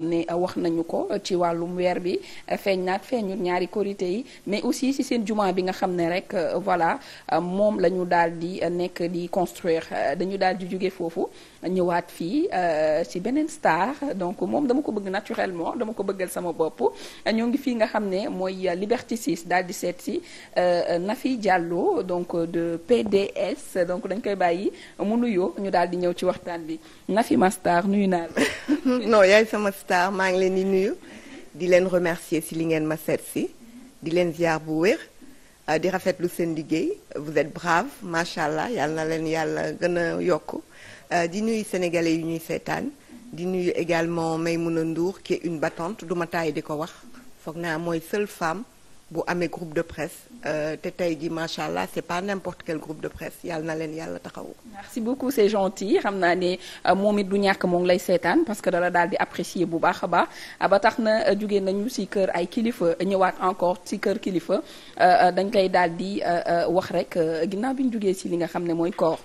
ne euh, wax nañu ko ci wàllum weer bi euh, feeñ naat feeñul ñaari korité yi mais aussi ci seen jumaa bi nga xam ne rek euh, voilà moom la ñu daal di nekk di construire dañu daal di jóge foofu ñëwaat fii euh, ci beneen star donc moom dama ko bëgg naturellement dama ko bëggal sama bopp ñoo ngi fii nga xam ne mooy Liberté 6 daal di seet si euh, Nafi Diallo donc de PDS donc dañ koy bàyyi mu nuyoo ñu daal di ñëw ci waxtaan bi Nafi ma star nuyu naa la. non yaay sama star maa ngi leen di nuyu di leen remercier si li ngeen ma seet si di leen ziar bu wér. Euh, di rafetlu seen liggéey vous êtes brave macha allah yal na leen yàlla gën a yokk Euh, di nuyu sénégalais yu ñuy seetaan di nuyu également may mun a nduur ki une battante du ma taay di ko wax foog naa mooy seule femme bu amee groupe de presse euh, te tey ji macha allah c'est pas n'importe quel groupe de presse yàlla na leen yàlla taxawu. merci beaucoup c'est gentil xam naa ne euh, moom it du ñàkk moom lay seetaan parce que dala daal di apprécier bu baax a baax ah, ba tax na euh, jóge nañu ci kër ay kilifa ñëwaat encore ci kër kilifa dañ koy daal di wax rek ginnaaw bi ñu jugee ci li nga xam ne mooy koor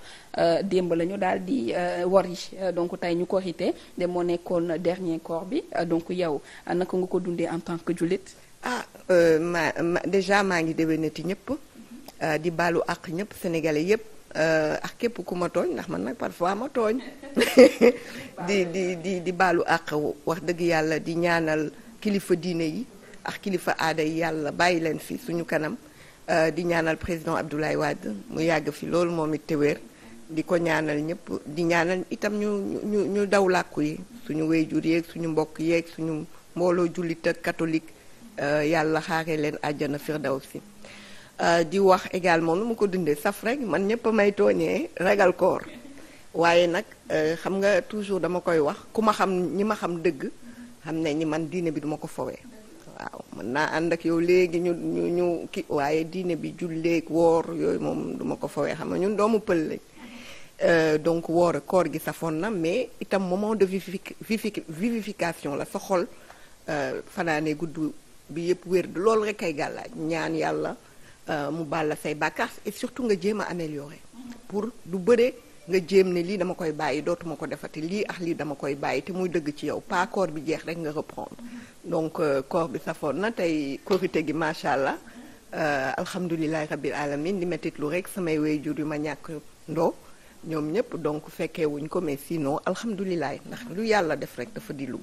démb la ñu daal di wari donc tey ñu ko korité de moo nekkoon dernier koor bi donc yow naka nga ko dundee en tant que jullit. ah euh, ma déjà maa ngi déwénati ñëpp euh, di baalu àq ñëpp sénégalais yëpp euh, ak képp ku ma tooñ ndax man nag parfois ma tooñ di di di di baalu àq wax dëgg yàlla di ñaanal kilifa diine yi ak kilifa aada yi yàlla bàyyi leen fi suñu kanam di ñaanal président Abdoulaye Wade mu yàgg fi loolu moom it te di ko ñaanal ñëpp di ñaanal itam ñu ñu ñu daw làkku yi suñu wéyjur yéeg suñu mbokk yeeg suñu mbooloo jullit ak catholique Euh, yàlla xaare leen àjjana firdawsi euh, di wax egalement nu ma ko dindee saf rek man ñëpp a may tooñee ragal koor waaye nag euh, xam nga toujours dama koy wax ku ma xam ñi ma xam dëgg xam ne ñi man diine bi duma ko fowee waaw mën naa ànd ak yow léegi ñu ñu ñu ki waaye diine bi julleek woor yooyu moom duma ko fowee xam nga ñun doomu pël lañ donc woor koor gi safoon na mais itam moment de vivification la sa xol fanaanee gudd bi yëpp wér loolu rek kay gàllaaj ñaan yàlla euh, mu bàlla say bàkkaar et surtout nga jéem a améliorer pour du bëre nga jéem ne lii dama koy bàyyi dootuma ko defati lii ak lii dama koy bàyyi te muy dëgg ci yow pas koor bi jeex rek nga reprendre donc koor euh, bi safoon na tey korité gi macha allah euh, alhamdulilahi rabbil alamin li métit lu rek samay waajur yu ma ñàkk ndoo ñoom ñëpp donc fekkee wuñ ko mais sinon alhamdulilah ndax lu yàlla def rek dafa di lu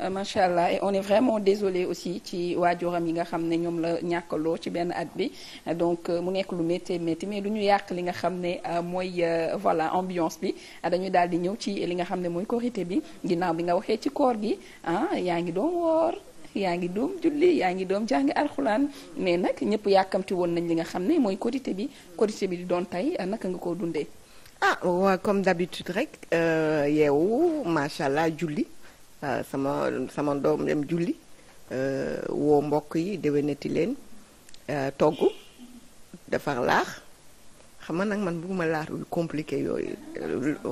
Euh, macha allah et on est vraiment désolé aussi ci waajuram yi nga xam ne ñoom la ñàkkaloo ci benn at bi donc euh, mu nekk lu métti métti mais du ñu yàq li nga xam ne euh, mooy voilà ambiance bi ah, dañuy daal di ñëw ci li nga xam ne mooy korité bi ginnaaw bi nga waxee ci koor gi ah yaa ngi doon woor yaa ngi doom julli yaa ngi doom jàngi arxulaan mais nag ñëpp yàkkamti woon nañ li nga xam ne mooy korité bi korité bi di doon tay naka nga koo dundee. ah waaw comme d'habitude rek yeewu macha allah julli. Euh, sama sama doom dem julli euh, woo mbokk yi déwénati leen euh, togg defar laax xam nga nag man bëgguma laax lu compliqué yooyu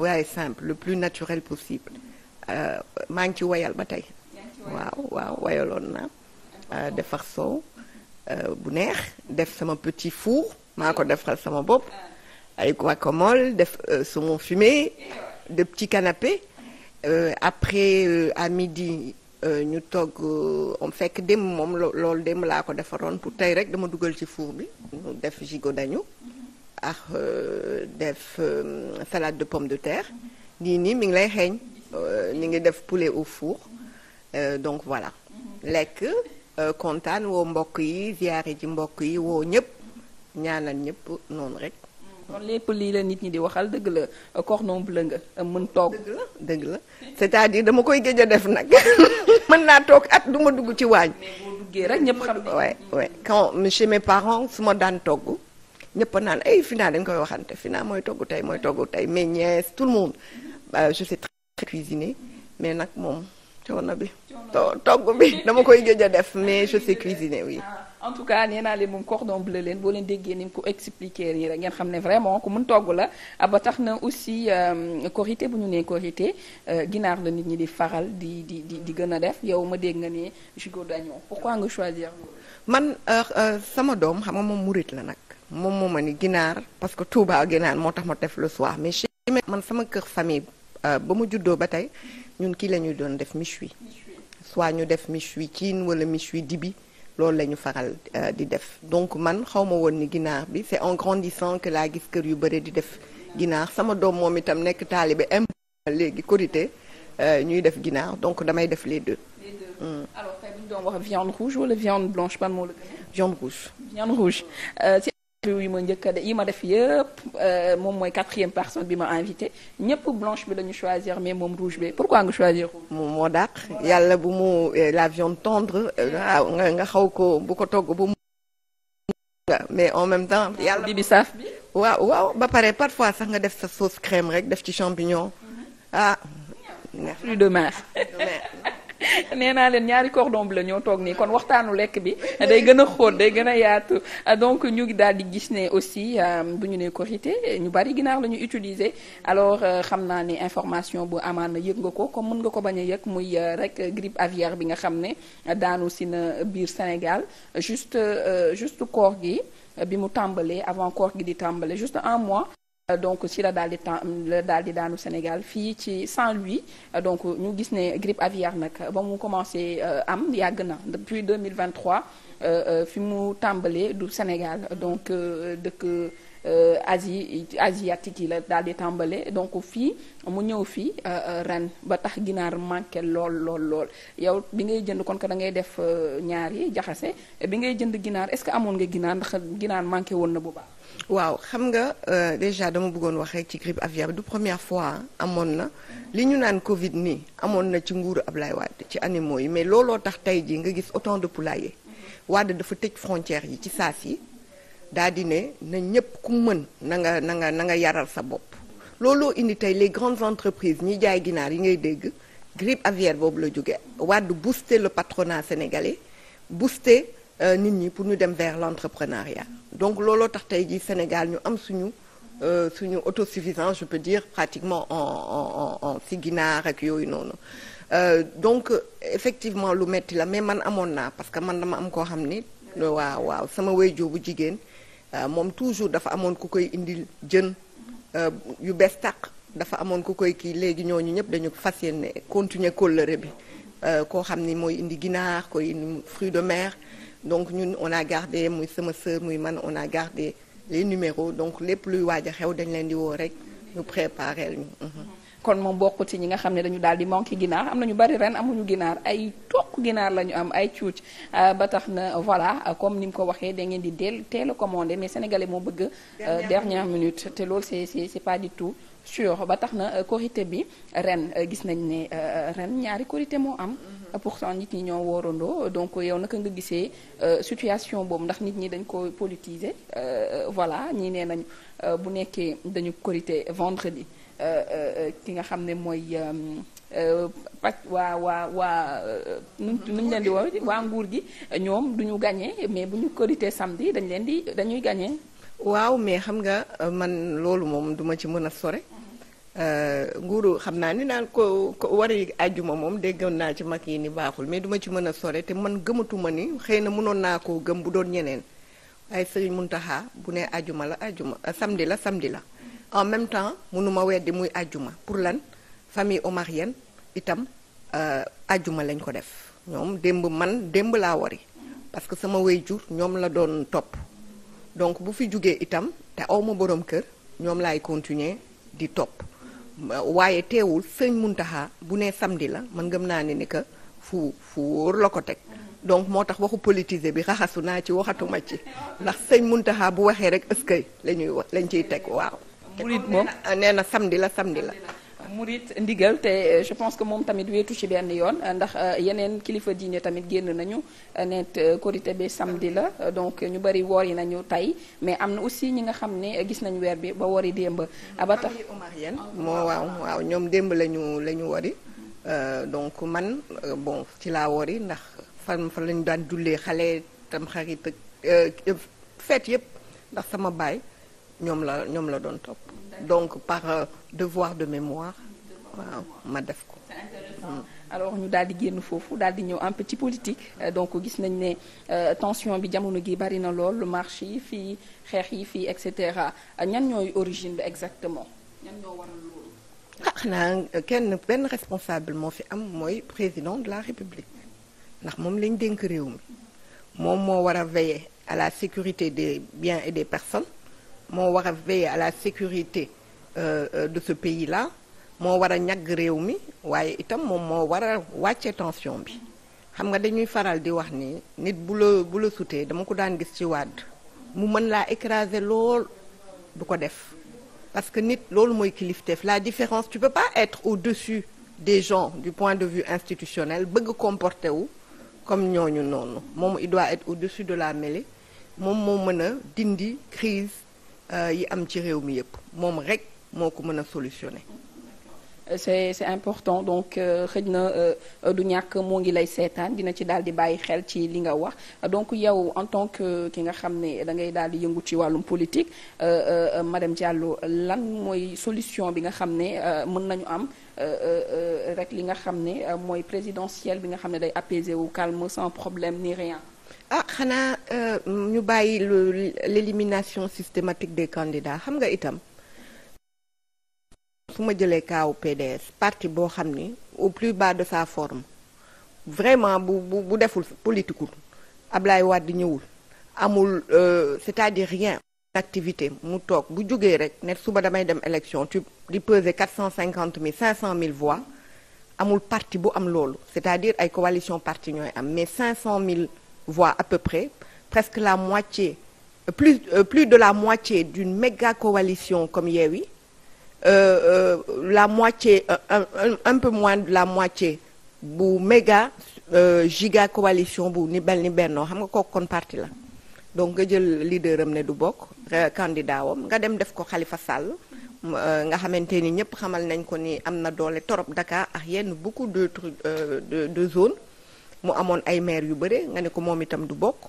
waaye simple le plus naturel possible maa ngi ci woyal ba tey waaw waaw woyaloon naa defar soow bu neex def sama petit four maa ko defaral sama bopp ay guacamole def saumon fumé de ci canapés Euh, après euh, à midi euh, ñu togg on fekk démb moom loolu démb laa ko defaroon pour tey rek dama dugal ci four bi def gigot dañu ak def salade de pomme de terre nii nii mi ngi lay xeeñ ñu ngi def poulet au four donc voilà lekk kontaan woo mbokk yi ziyaare ji mbokk yi woo ñëpp ñaanal ñëpp noonu rek kon lépp lii la nit ñi di waxal dëgg la cordon bleu nga mën toog. dëgg la dëgg la c'est-à-dire dama koy géej a def nag mën naa toog at du ma dugg ci waañ. boo rek ñëpp waay waay quand chez mes parents su ma daan togg. ñëpp naan ay Fina dañ koy waxante Fina mooy togg tey mooy togg tey mes nièces tout le monde je mais nag moom coono bi. togg bi dama koy géej a def mais je sais ah. en tout cas nee naa leen moom cordon bleu leen boo leen déggee ni mu ko expliquer yi rek ngeen xam ne vraiment ku mun togg la ah, ba tax na aussi euh, korité bu ñu nee korité euh, ginaar la nit ñi di faral di di di di gën a def yow ma dégg nga ne gigot d'agneau pourquoi nga choisir man euh, sama doom xam nga moom murit la nag moom moo ma ni ginaar parce que Touba ginaar moo tax ma def le soir mais chez man sama kër famille ba mu juddoo ba tey ñun kii la ñuy doon def méchoui soit ñu def méchoui cin wala méchoui dibi loolu la ñu faral euh, di def donc man xaw ma woon ni ginaar bi c'est en grandissant que laa gis kër yu bëri di def ginaar sama doom moom itam nekk taalibe im léegi korité euh, ñuy def ginaar donc damay def les deux. les deux mm. alors tey bu ñu doon yi ma njëkk a ma def yëpp euh, moom mooy quatrième personne bi ma invité ñëpp blanche bi la ñu choisir mais moom rouge bi pourquoi nga choisir moom moo dàq yàlla bu mu euh, la viande tendre euh, nga nga xaw ko bu ko togg bu mu. mais en même temps. Ah, yàlla bi bi saaf bi. waaw ba pare parfois sax nga def sa sauce crème rek def ci champignon. Mm-hmm. ah. fruits de mer. nee naa leen ñaari cordon bleu ñoo toog nii kon waxtaanu lekk bi day gën a xóot day gën a yaatu ah, donc ñu ngi daal di gis ne aussi euh, bu ñu nee korité ñu bari ginaar lañu ñu utiliser alors euh, xam naa ne information bu amaan yëg nga ko comme mën nga ko bañ a yëg muy euh, rek grippe aviaire bi nga xam ne daanu si na biir Sénégal juste juste koor gi bi mu tàmbalee avant koor gi di tàmbale juste un mois Euh, donc ci la daal di temps la daal di daanu Sénégal fii ci Saint-Louis euh, donc ñu gis ne grippe aviaire nag ba mu commencé euh, am yàgg na depuis 2023 fi mu tàmbalee du Sénégal donc dëkk. Euh, Asie asiatique yi la daal di tàmbale donc fii mu ñëw fii euh, euh, ren ba tax ginaar manqué lool lool lool yow bi ngay jënd kon ko da ngay def ñaar yi jaxase bi ngay jënd ginaar est-ce que amoon nga ginaar ndax ginaar manqué woon na bu baax. waaw xam nga euh, déjà dama bëggoon wax rekk ci grippe aviaire du première fois amoon na li ñu naan Covid nii amoon na ci ab Ablaye Wade ci animaux yi mais looloo tax tey jii nga gis autant de poulailler mm-hmm. Wade dafa tëj frontière yi ci saas yi daal di ne nañ ñëpp ku mën na nga na na nga yaral sa bopp looloo indi tey les grandes entreprises ñi jaay ginaar yi ngay dégg grippe aviaire boobu la jóge wàdd booster le patronat sénégalais booster euh, nit ñi pour ñu dem vers l'entrepreneuriat donc looloo tax tey Sénégal ñu am suñu euh, suñu autosuffisance je peux dire pratiquement en si ginaar ak yooyu noonu euh, donc effectivement lu metti la mais man amoon naa parce que man dama am koo xam ni waaw waaw sama wéy joobu jigéen Euh, moom toujours dafa amoon ku koy indil jën euh, yu bees tàq dafa amoon ku koy kii léegi ñooñu ñëpp dañu fas yéene continuer kóllëre bi euh, koo xam ni mooy indi ginaar koy indi fruit de mer donc ñun on a gardé muy sama sœur muy man on a gardé les numéros donc lépp luy waaj a xew dañ leen di woo rek ñu préparé ñu. kon moom bokku ci ñi nga xam ne dañu daal di manqué ginaar am na ñu bari ren amuñu ginaar ay toq ginaar la ñu am ay cuuc euh, ba tax na voilà comme ni mu ko waxee da ngeen di del teel a commandé mais sénégalais moo bëgg euh, dernière minute te loolu c'est c'est c'est pas du tout sûr ba tax na euh, korité bi ren gis nañ ne ren ñaari korité moo am mm-hmm. pourtant nit ñi ñoo woorandoo donc yow naka nga gisee situation boobu ndax nit ñi dañ ko politiser voilà ñii nee nañ bu nekkee dañu korité vendredi Euh, euh, euh, ki nga xam ne mooy pac waa waa waa nu nu ñu leen di woo waa nguur gi ñoom du ñu gagné mais bu ñu korité samedi dañ leen di dañuy gagné. waaw mais xam nga man loolu moom duma ci mën a sore. nguuru xam naa ni naan ko ko wari àjjuma moom déggoon naa ci mag yi ni baaxul mais duma ci mën a sore te man gëmatuma ni xëy na mënoon naa koo gëm bu doon ñeneen waaye Sëriñ Muntaxa bu ne àjjuma la àjjuma samedi la samedi la. en même temps mënuma weddi muy àjjuma pour lan famille omarienne itam euh, àjjuma lañ ko def ñoom démb man démb laa wari parce que sama jur ñoom la doon topp donc bu fi jugee itam te awma boroom kër ñoom laay continuer di topp waaye teewul sëñ Muntaxa bu nee samdi la man gëm naa ne ni que fu fu wóor la ko teg donc moo tax waxu politiser bi raxasu naa ci waxatuma ci ndax sëñ Muntaxa bu waxee rek ëskay lañuy lañ ciy teg waaw murit moom nee na samedi la samedi la murit ndigal te euh, je pense que moom tamit weetu ci benn yoon euh, ndax euh, yeneen kilifa diine tamit génn nañu net korité bi samedi la donc ñu bëri woor yi nañu tey mais am na aussi ñi nga xam ne gis nañu weer bi ba wori démb mm-hmm. ba tax moo waaw waaw ñoom démb lañu la ñu wori donc man bon ci laa wori ndax fan fa lañu daan jullee xale tam xarit ak fête yëpp ndax sama baay ñoom la ñoom la doon topp donc par euh, devoir de mémoire waaw ma def ko alors ñu daal di génn foofu daal di ñëw un petit politique euh, donc gis nañ ne euh, tension bi jamono gi bari na lool marche yi fii xeex yi fii et cetera ñan ñooy origine bi exactement ñan ñoo ah xanaa kenn benn responsable moo fi am mooy président de la république ndax moom lañ dénk réew mi moom moo war a veiller à la sécurité de biens et des personnes moo war a veiller à la sécurité euh, euh de ce pays la moo war a ñàgg réew mi waaye itam moom moo war a wàcce tension bi xam nga dañuy faral di wax ni nit bu la bu la sutee dama ko daan gis ci wàdd mu mën laa écraser lool du ko def parce que nit loolu mooy kilifteef la différence tu peux pas être au-dessus des gens du point de vue institutionnel bëgg comporter wu comme ñooñu noonu moom il doit être au-dessus de la mêlée moom moo mën a dindi crise Euh, yi am ci réew mi yëpp moom rek moo ko mën a solutionner. c'est c'est important donc euh, xëj na euh, du ñàkk moo ngi lay seetaan dina ci daal di bàyyi xel ci li nga wax donc yow en tant que ki nga xam ne da ngay daal di yëngu ci wàllum politique madame Diallo lan mooy solution bi nga xam ne mën nañu am rek li nga xam ne mooy présidentielle bi nga xam ne day apaiser wu calme sans problème ni rien. ah xanaa euh, ñu bàyyi le l'élimination systématique des candidats xam nga itam su ma jëlee kaaw PDS parti boo xam ni au plus bas de sa forme vraiment bu bu bu deful politique Ablaye Wade ñëwul amul euh, c'est-à-dire rien activité mu toog bu jógee rek ne suba damay dem élection tu di peser quatre cent cinquante mile cinq cent mille voix amul parti bu am loolu c'est-à-dire ay coalition parti ñooy am mais cinq cent mille voire à peu près, presque la moitié, euh, plus, euh, plus de la moitié d'une méga coalition comme Yewi, euh, euh, la moitié, un, un, un, peu moins de la moitié bu méga euh, giga coalition bu ni benn ni bennoo xam nga kooku kon partie la donc nga jël leader am ne du bokk candidat nga dem def ko xalifa Sall nga xamante ni ñëpp xamal nañ ko ni am na doole torop Dakar ak yenn beaucoup d'autres de de zones mu amoon ay maire yu bëre nga ne ko moom itam du bokk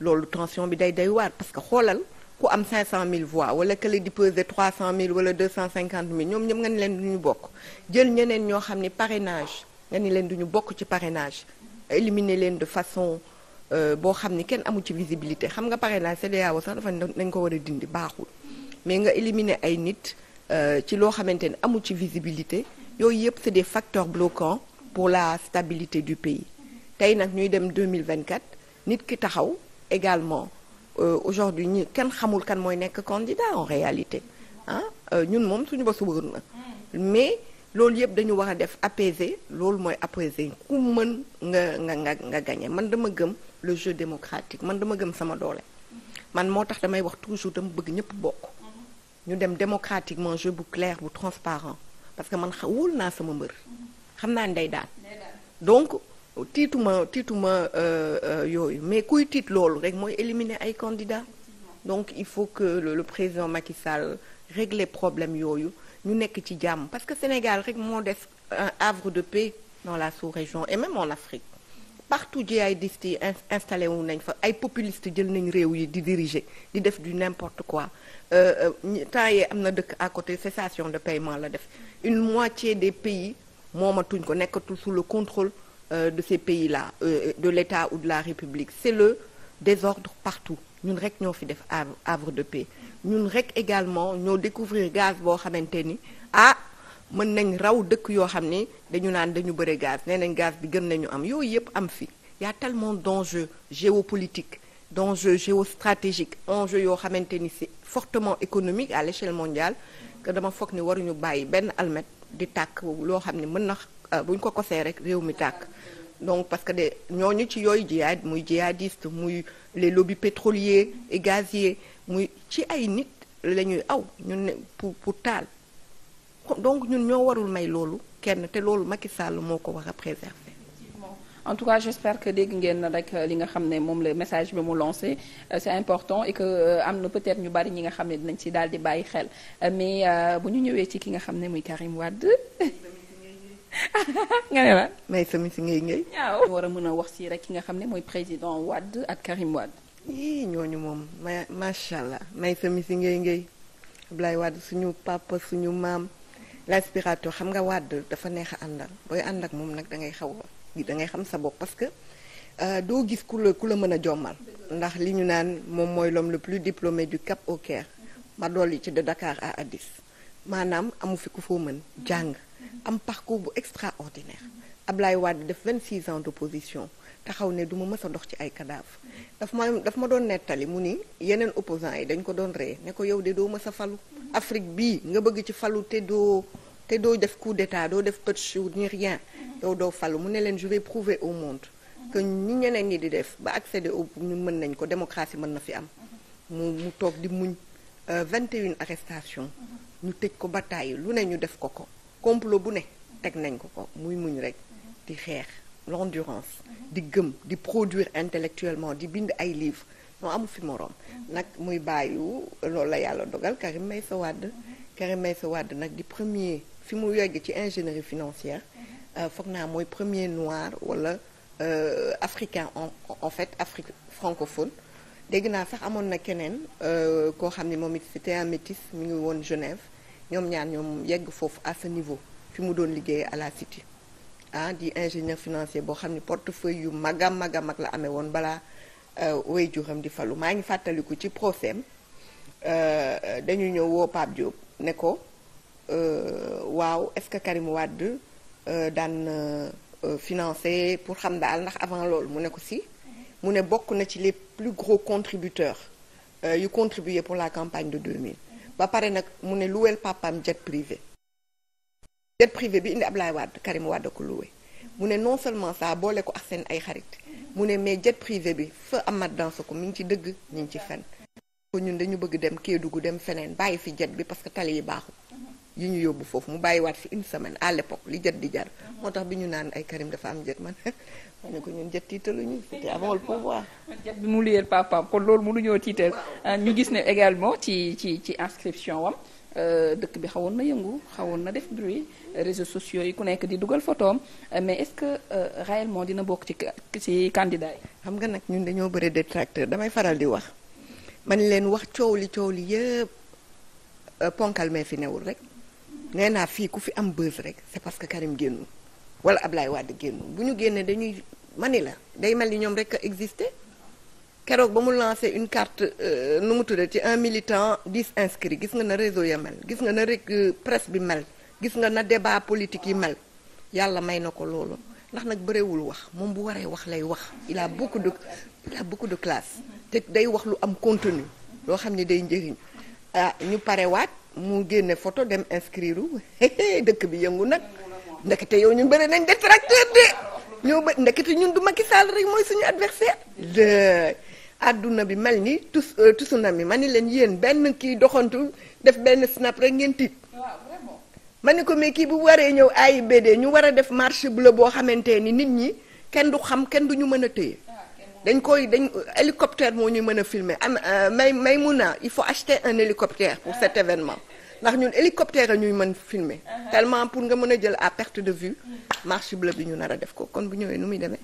loolu tension bi day day waat parce que xoolal ku am 500000 voix wala kële di peser 300000 wala 250000 ñoom ñëpp nga ni leen du ñu bokk jël ñeneen ñoo xam ni parrainage nga ni leen du ñu bokk ci parrainage éliminer leen de façon euh, boo xam ni kenn amu ci visibilité xam nga parrainage CEDEAO sax dafa nañ ko war a dindi baaxul mais nga éliminer ay nit euh, ci loo xamante ne amu ci visibilité yooyu yëpp c'est des facteurs bloquants pour la stabilité du pays tey nag ñuy dem 2024 nit ki taxaw également euh, aujourd'hui ñu kenn xamul kan mooy nekk candidat en réalité ah euh, ñun moom suñu ba wër na mais loolu yëpp dañu war a def apaiser loolu mooy apaiser ku mën nga nga nga nga gagné man dama gëm le jeu démocratique man dama gëm sama doole man moo tax damay wax toujours dama bëgg ñëpp bokk ñu dem démocratiquement jeu bu clair bu transparent parce que man wóol naa sama mbër xam naa ni day daan donc tiituma tiituma euh, euh, yooyu mais kuy tiit loolu rek mooy éliminer ay candidats donc il faut que le, le président Macky Sall régler problème yooyu ñu nekk ci jàmm parce que Sénégal rek moo des un havre de paix dans la sous-région et même en Afrique partout djihadistes yi installé wu nañ fa ay populistes jël nañ réew yi di diriger di def du n'importe quoi euh, temps yee am na dëkk à côté cessation de paiement la def une moitié des pays moomatuñ ko nekkatul sous le contrôle euh, de ces pays-là euh, de l'État ou de la République c'est le désordre partout ñun rek ñoo fi def avre de paix ñun rek également ñoo découvrir gaz boo xamante ni ah mën nañ raw dëkk yoo xam ni dañu naan dañu bëre gaz nee nañ gaz bi gën nañu am yooyu yëpp am fi y a tellement d'enjeux géopolitiques d'enjeux géostratégiques enjeux yoo xamante ni c'est fortement économique à l'échelle mondiale que dama foog ni waruñu bàyyi benn almet di tàkk loo xam ne mën na Euh, buñ ko kosee rek réew mi tàkk donc parce que de ñoo ñu ci yooyu jihaad muy jihadiste muy les lobbies pétroliers et gaziers muy ci ay nit la ñuy aw ñun ne pour pour taal donc ñun ñoo warul may loolu kenn te loolu Macky Sall moo ko war a préserver. en tout cas j'espère que dégg ngeen rek euh, li nga xam ne moom la message bi mu lancé euh, c'est important et que am na peut-être ñu bari ñi nga xam ne dinañ ci daal di bàyyi xel mais bu ñu ñëwee ci ki nga xam ne muy Karim Wade. nga ne la. may sami si ngay ngay. waaw war a mën a wax si rek ki nga xam ne mooy président Wade ak Karim Wade. yii ñooñu moom ma macha allah may sami si ngay ngay Ablaye Wade suñu papa suñu maam l'aspirateur xam nga Wade dafa neex a booy ànd ak moom nag da ngay xaw a da ngay xam sa bopp parce que euh, doo gis ku la ku la mën a jommal. ndax li ñu naan moom mooy l'homme le plus diplômé du Cap au Caire. ma yi ci de dakaar à Addis maanaam amu fi ku foo mën jàng. am parcours bu extraordinaire Ablaye Wade def vingt 26 ans d'opposition taxaw ne du ma mës a dox ci ay cadavre daf ma daf ma doon nettali mu ni yeneen opposants yi dañ ko doon ree ne ko yow de doo mës a falu Afrique bii nga bëgg ci falu te doo te doo def coup d'état doo def putsch ni rien yow doo falu mu ne leen je vais prouver au monde que ñi ñeneen ñi di def ba accéder au ñun mën nañ ko démocratie mën na fi am mu mu toog di muñ 21 euh, arrestation ñu tëj ko bataille lu ne ñu def ko ko complot bu ne teg nañ ko ko muy muñ rek di xeex l'endurance di gëm di produire intellectuellement di bind ay livres moo amu fi moroom nag muy bàyyu loolu la yàlla dogal Karim Meïssa Wade Karim Meïssa Wade nag di premier fi mu yegg ci ingénierie financière euh, foog naa mooy premier noir wala euh, africain en en fait Afrique francophone dégg naa sax amoon na keneen euh, koo xam ne moom it c'était un métis mu ngi woon Genève ñoom ñaan ñoom yegg foofu à ce niveau fi mu doon liggéey à la cité ah di ingénieur financier boo xam ni portefeuille yu mag a mag a mag la amee woon balaa euh, way juram di falu maa ngi fàttaliku ci procès euh, dañu ñëw woo Pape ne ko euh, waaw est-ce que Karim Wade daan financé pour xam daal ndax avant loolu mu ne ko si mu ne bokk na ci les plus gros contributeurs yu contribuer pour la campagne de 2000 ba pare nag mu ne luweel papaam jet privé jet privé bi indi Ablaye Wade Karim Wade ko luwe mu ne non seulement ça boole ko ak seen ay xarit mu ne mais jet privé bi amat Amath Dansokho mi ngi ci dëgg ñu ngi ci fen ko ñun dañu bëgg dem Kédougou dem feneen bàyyi fi jet bi parce que tali yi baaxul yi ñu yóbbu foofu mu bàyyiwaat fi une semaine à l'époque li jët di jar moo tax bi ñu naan ay Karim dafa am jët man ma ko ñun jët tiitaluñu c'était avant le pouvoir jët bi mu liyeel papaam kon loolu mënuñoo tiital ah, ñu gis ne également ci ci ci inscription wam euh, dëkk bi xawoon na yëngu xawoon na def bruit réseaux sociaux yi ku nekk di dugal photoom mais est-ce que euh, réellement dina bokk ci ci candidat yi. xam nga nag ñun dañoo bëri détracteur damay faral di wax man leen wax coow li coow li yëpp euh, ponkal fi newul rek. nee naa fii ku fi am buzz rek c'est parce que Karim génnul wala Ablaye Wade génnul bu ñu génnee dañuy man mani la day mel ni ñoom rek a existé keroog ba mu lancé une carte euh, nu mu tuddee ci un militant dix inscrits gis nga na réseau ya mel gis nga na rek euh, presse bi mel gis nga na débat politique yi mel yàlla may na ko loolu ndax nag bëreewul wax moom bu waree wax lay wax il a beaucoup de il a beaucoup classe te day wax lu am continue loo xam ne day njëriñ ah ñu parewaat. mu génne photo dem inscrire dëkk bi yëngu nag ndekete yow ñu bëri nañ détracteur de ñoo ba ndekete ñun du Macky Sall rek mooy suñu adversaire de àdduna bi mel ni tus euh, tsunami ma ni leen yéen benn kii doxantu def benn snap rek ngeen tiit ma ni ko mais kii bu waree ñëw AIBD ñu war a def marché bleu boo xamante ni nit ñi kenn du xam kenn du ñu mën a téye dañ koy dañ hélicoptère moo ñu mën a filmer am euh, may may mun naa il faut acheter un hélicoptère pour cet événement ndax ñun hélicoptère ñuy mën filmer uh-huh. tellement pour nga mën a jël à perte de vue marche bleue bi ñu nar a def ko kon bu ñëwee nu muy demee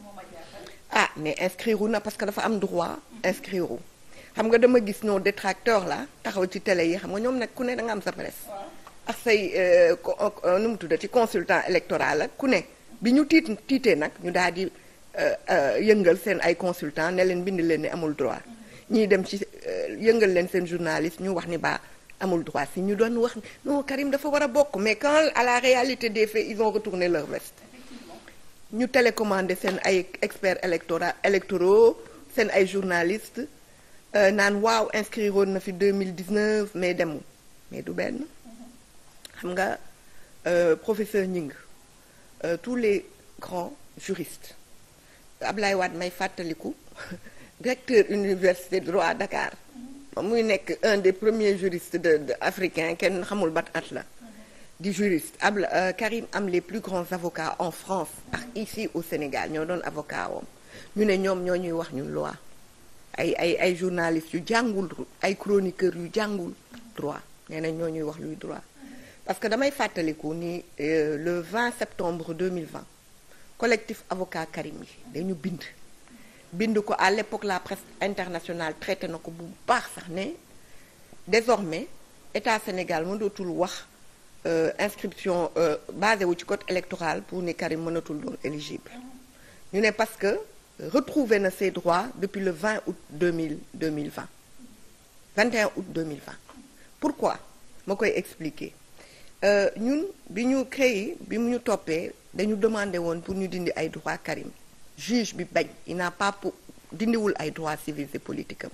ah mais inscrire wu na parce que dafa am droit inscrire wu xam nga dama gis ñoo détracteur la taxaw ci télé yi xam nga ñoom nag ku ne da nga am sa presse ak say euh, euh, nu mu tuddati consultant électoral ak ku ne bi ñu tiit tiitee nag ñu daal di euh, yëngal seen ay consultant ne leen bind leen ni amul droit mm-hmm. ñiy dem ci yëngal leen seen journaliste ñu wax ni baa amul droit si ñu doon wax non Karim dafa war a bokk mais quand à la réalité des faits ils ont retourné leur veste ñu télécommandé seen ay experts électora électoraux seen ay journalistes euh, naan waaw inscrire woon na fi 2019 mais demul mais du benn mm-hmm. xam nga euh, professeur Ñing euh, tous les grands juristes Ablaye Wade may fàttaliku directeur université droit Dakar muy nekk un des premiers juristes de, africain kenn xamul bat at la di juriste ab euh, Karim am les plus grands avocats en France ak ici au Sénégal ñoo doon avocat woom ñu ne ñoom ñoo ñuy wax ñun loi ay ay ay journalistes yu jàngul ay chroniqueurs yu jàngul droit nee nañ ñoo ñuy wax luy droit parce que damay fàttaliku ni euh, le 20 septembre 2020 collectif avocat Karim yi dañu bind bind ko à l'époque la presse internationale traité na ko bu baax sax ne désormais état Sénégal mënatul wax euh, inscription euh, basé wu ci code électoral pour ni Karim mënatul doon éligible ñu ne parce que retrouvé na ses droits depuis le 20 août 2000 2020 21 août 2020 pourquoi ma koy expliquer euh, ñun bi ñu créé bi mu ñu toppee dañu demandé woon pour ñu dindi ay droits Karim juge bi bañ il n'a pas dindiwul ay droits civils et politiques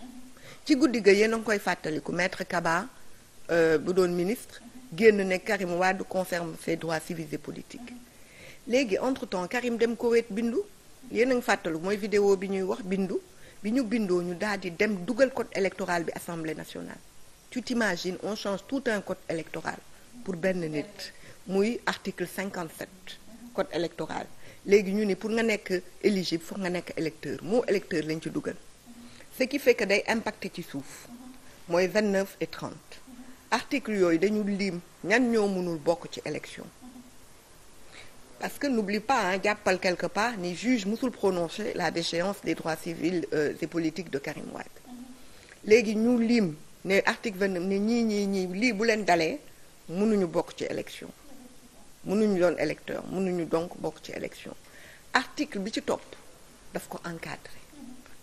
ci guddi ga yéen a ngi koy fàttaliku maître Kaba euh, bu doon ministre génn ne Karim Wade confirme ses droits civils et politiques léegi entre temps Karim dem Koweït bindu yéen a ngi fàttaliku mooy vidéo bi ñuy wax bindu bi ñu bindoo ñu daal di dem dugal code électoral bi assemblée nationale tu t'imagines on change tout un code électoral pour benn nit muy article 57 code électoral léegi ñu ni pour nga nekk éligible foog nga nekk électeur moo électeur lañ ci dugal ce qui fait day impacté ci suuf mooy 29 et 30 article yooyu dañu liim ñan ñoo mënul bokk ci élection parce que n'oublie pas hein jàppal quelque part ni juge musul prononcer la déchéance des droits civils euh, et politiques de Karim Wade léegi ñu lim ne article 29 ne ñii ñii ñii lii bu leen dalee mënuñu bokk ci élection mënuñu doon électeur mënuñu donc bokk ci élection article bi ci topp daf ko encadre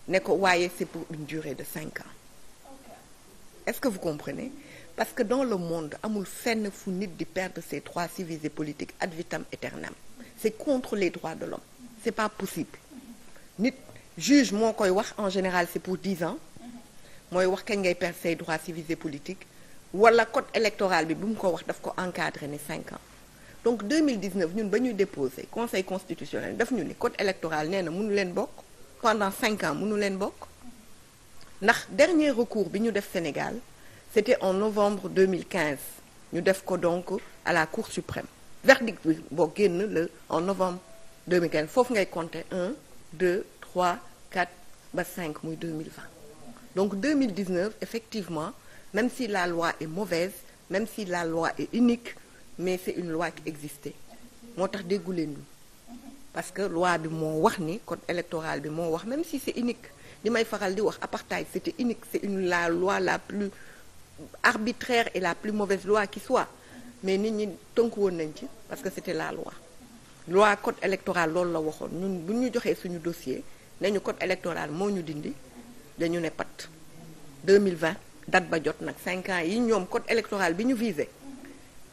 ne ko waaye c'est pour une durée de cinq ans est-ce que vous comprenez parce que dans le monde amul fenn fu nit di perdre ses droits civiques et politiques ad vitam aeternam c'est contre les droits de l'homme c'est pas possible nit juge moo koy wax en général c'est pour dix ans mooy wax kañ ngay perdre ses droits civiques et politiques wala code électoral bi bu mu ko wax daf ko encadrer ne cinq donc 2019 ñun ba ñuy déposé conseil constitutionnel daf ñu ni code électoral nee na mënu leen bokk pendant cinq ans mënu leen bokk ndax dernier recours bi ñu def Sénégal c'était en novembre 2015 ñu def ko donc à la cour suprême verdict bi boo génn le en novembre 2015 foofu ngay compter un deux 3 4 ba 5 muy 2020 donc 2019 effectivement même si la loi est mauvaise même si la loi est unique mais c'est une loi qui existait moo tax déggu leen ñu parce que loi bi moo wax ni code électoral bi moo wax même si c'est unique li may faral di wax apartheid c'était unique c'est une la loi la plus arbitraire et la plus mauvaise loi qui soit mais nit ñi tënku woon nañ ci parce que c'était la loi loi code électoral loolu la waxoon ñun bu ñu joxee suñu dossier nañu code électoral moo ñu dindi dañu ne pat 2020 date ba jot nag 5 ans yi ñoom code électoral bi ñu visé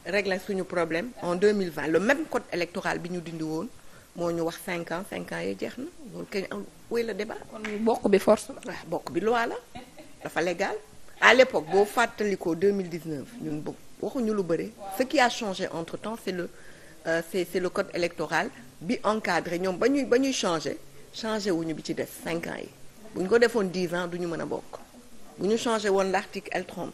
régler suñu problème en 2020 le même code électoral bi ñu dindi woon moo ñu wax 5 ans 5 ans yi jeex na loolu kañ wéy la débat. kon bokk bi force la. waaw ah, bokk bi loi la dafa légal à l'époque boo fàttalikoo 2019 ñun bokk waxuñu lu bëri. ce qui a changé entre temps c'est le euh, c'est le code électoral bi encadré ñoom ba ñuy ba ñuy changé changé wuñu bi ci def 5 ans yi buñ ko defoon 10 ans du ñu mën a bokk bu ñu changé woon l'article L30.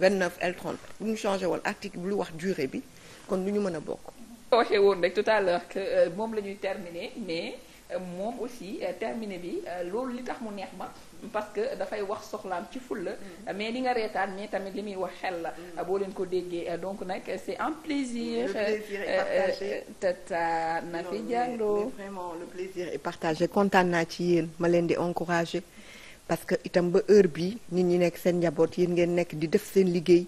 29 L30 bu ñu changé woon article bi lu wax durée bi kon lu ñu mën a bokk. waxee woon rek tout à l'heure que euh, moom la ñuy terminer mais euh, moom aussi euh, terminer bi loolu li tax mu neex ma. parce que dafay wax soxlaam ci fulla mm. mais li nga reetaan mais tamit li muy wax xel la. Mm. boo leen ko déggee donc nag c'est un plaisir. le plaisir est partagé tata Nafi Diallo. le plaisir est partagé kontaan naa ci yéen ma leen di encourager. parce que itam ba heure bi nit ñi nekk seen njaboot yéen ngeen nekk di def seen liggéey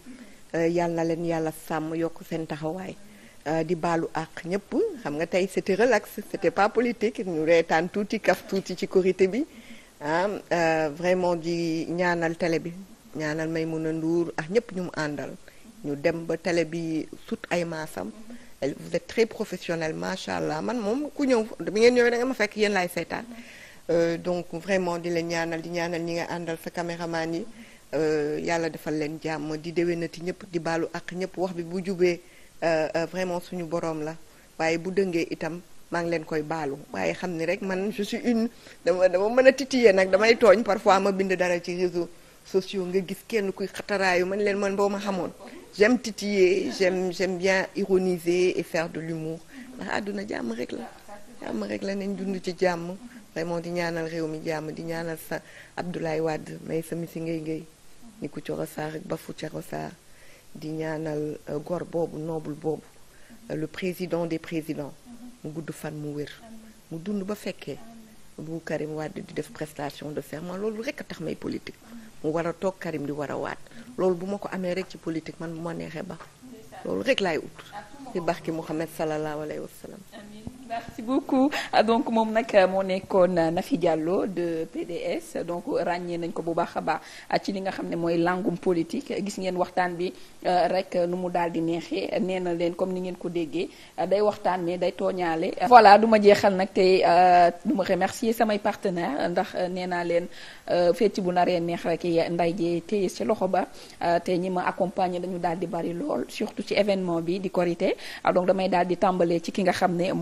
euh, yàlla na leen yàlla sàmm yokk seen taxawaay euh, di baalu àq ñëpp xam nga tey c'était relax c'était pas politique ñu reetaan tuuti kaf tuuti ci korité bi ah euh, vraiment di ñaanal tele bi ñaanal Maimouna Ndour ak ñëpp ñu mu àndal ñu dem ba tele bi sut ay maasam vous êtes très professionnel macha allah man moom ku ñëw bi ngeen ñëwee da nga ma fekk yéen laay seetaan Euh, donc vraiment di leen ñaanal di ñaanal ñi nga àndal sa caméraman yi euh, yàlla defal leen jàmm di déwénati ñëpp di baalu ak ñëpp wax bi bu jubee euh, vraiment suñu boroom la waaye bu dëngee itam maa ngi leen koy baalu waaye xam ni rek man je suis une dama dama mën a titiller nag damay tooñ parfois ma bind dara ci réseaux sociaux nga gis kenn kuy xataraayu man leen man boo ma xamoon j'aime titiller j'aime j'aime bien ironiser et faire de l'humour ndax àdduna jàmm la jàmm rek la dund ci jàmm vraiment di ñaanal réew mi jàmm di ñaanal sa Abdoulaye Wade may sa misi ngay ngay ni ku coro saar ak Bafou coro saar di ñaanal euh, gor boobu noble boobu euh, le président des présidents mu gudd fan mu wér mu dund ba fekkee bu Karim Wade di def prestation de serment loolu rek a tax may politique mu war a toog Karim di war a waat loolu bu ma ko amee rek ci politique man bu ma neexee ba loolu rek laay ut ci barki Mouhamed sallallahu alayhi wa sallam merci beaucoup ah, donc moom nag euh, moo nekkoon euh, Nafi Diallo de PDS donc ràññee nañ ko bu baax a baax euh, ci li nga xam ne mooy langum politique gis ngeen waxtaan bi rek nu mu daal di neexee nee na leen comme ni ngeen ko déggee day waxtaan mais day tooñaale. voilà du ma jeexal nag tey du ma remercier samay partenaire ndax nee naa leen fecc bu naree neex rek nday jee téye ci loxo ba te ñi ma accompagner dañu daal di bari lool surtout ci événement bi di Korité ah, donc damay daal di tàmbalee ci ki nga xam ne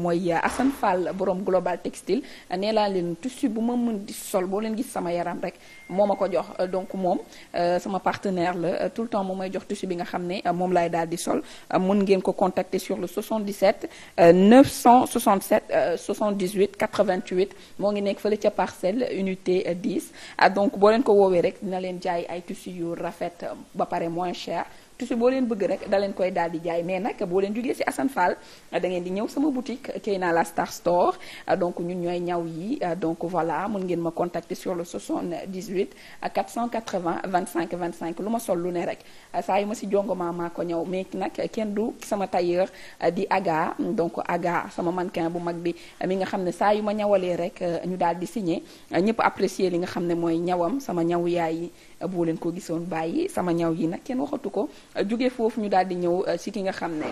Assane Fall borom global textile nee laa leen tissu bu ma mën di sol boo leen gis sama yaram rek moo ma ko jox euh, donc moom euh, sama partenaire la euh, tout le temps moom may jox tissu bi nga xam ne moom laay daal di sol mun ngeen ko contacter sur le 77 967 78 88 moo ngi nekk fële ca parcelle unité 10 ah, donc boo leen ko woowee rek dina leen jaay ay tissu yu rafet ba pare moins cher. tissu boo leen bëgg rek daleen koy dal di jaay mais nag boo leen jugee ci Assane Fall da ngeen di ñëw sama boutique Keyna la Star Store donc ñun ñooy ñaw yi donc voilà mun ngeen ma contacter sur le 78 480 vingt cinq lu ma sol lu ne rek saa yu ma ci jongoma maa ko ñëw mais nag kenn du sama tailleur di Aga donc Aga sama manquin bu mag bi mi nga xam ne saa yu ma ñawalee rek ñu daal di signe ñëpp apprécier li nga xam ne mooy ñawam sama ñaw yaay yi boo leen ko gisoon bàyyi sama ñaw yi nag kenn waxatu ko jóge foofu ñu daal di ñëw ci euh, ki nga xam ne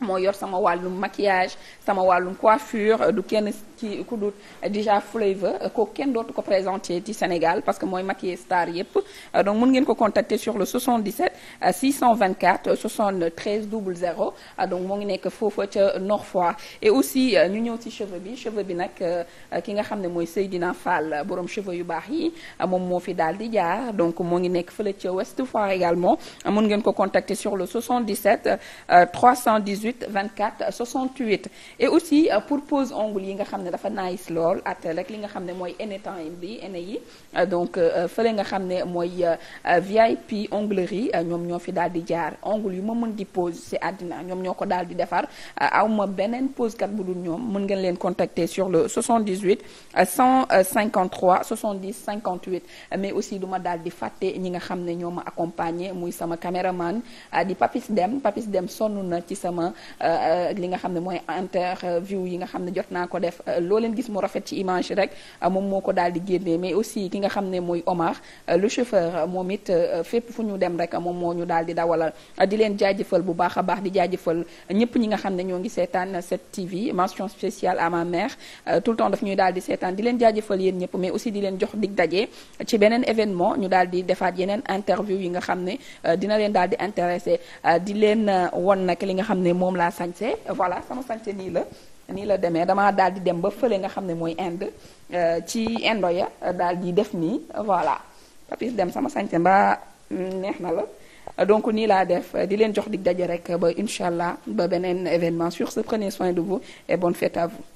moo yor sama wàllum maquillage sama wàllum coiffure du kenn ci ku dul déjà Flava ko kenn dootu ko présenté ci Sénégal parce que mooy maquillé star yépp donc mun ngeen ko contacter sur le 77 624 73 00 donc moo ngi nekk foofa ca Nord Foire et aussi euh, ñu ñëw ci cheveux bi cheveux bi nag euh, ki nga xam ne mooy Seydina Fall borom cheveux yu baax yi euh, moom moo fi daal di jaar donc moo ngi nekk fële ca Ouest Foire également mun ngeen ko contacter sur le 77 318 18 24 68 et aussi euh, pour pose ongle yi nga xam ne dafa nice lool at rek li nga xam ne mooy ene temps bi ene yi euh, donc euh, fële nga xam ne mooy VIP onglerie ñoom ñoo fi daal di jaar ongle yu ma mën di pose si àddina ñoom ñoo ko daal di defar aw ma beneen posekat bu dul ñoom mën ngeen leen contacter sur le 78 153 70 58 mais aussi du ma daal di fàtte ñi nga xam ne ñoo ma accompagner muy sama caméraman di Papis Dem Papis Dem sonn na ci sama Euh, ak li nga xam ne mooy interview yi nga xam ne jot naa ko def euh, loo leen gis mu rafet ci image rek euh, moom moo ko daal di génnee mais aussi ki nga xam ne mooy Omar le chauffeur moom it fépp fu ñu dem rek moom moo ñu daal di dawalal di leen jaajëfal bu baax a baax di jaajëfal ñëpp ñi nga xam ne ñoo ngi seetaan cette TV mention spéciale à ma mère tout le temps daf ñuy daal di seetaan di leen jaajëfal yéen ñëpp mais aussi di leen jox dig daje ci beneen événement ñu daal di defaat yeneen interview yi nga xam ne dina leen daal di intéressé di leen moom laa sañse voilà sama sañse nii la nii la demee damaa daal di dem ba fële nga xam ne mooy Inde euh, ci indo ya daal di def nii voilà papis dem sama sañse mbaa mm, neex na la donc nii laa def di leen jox di daje rek ba incha ba beneen événement sur ce prenez soin de vous et bonne fête à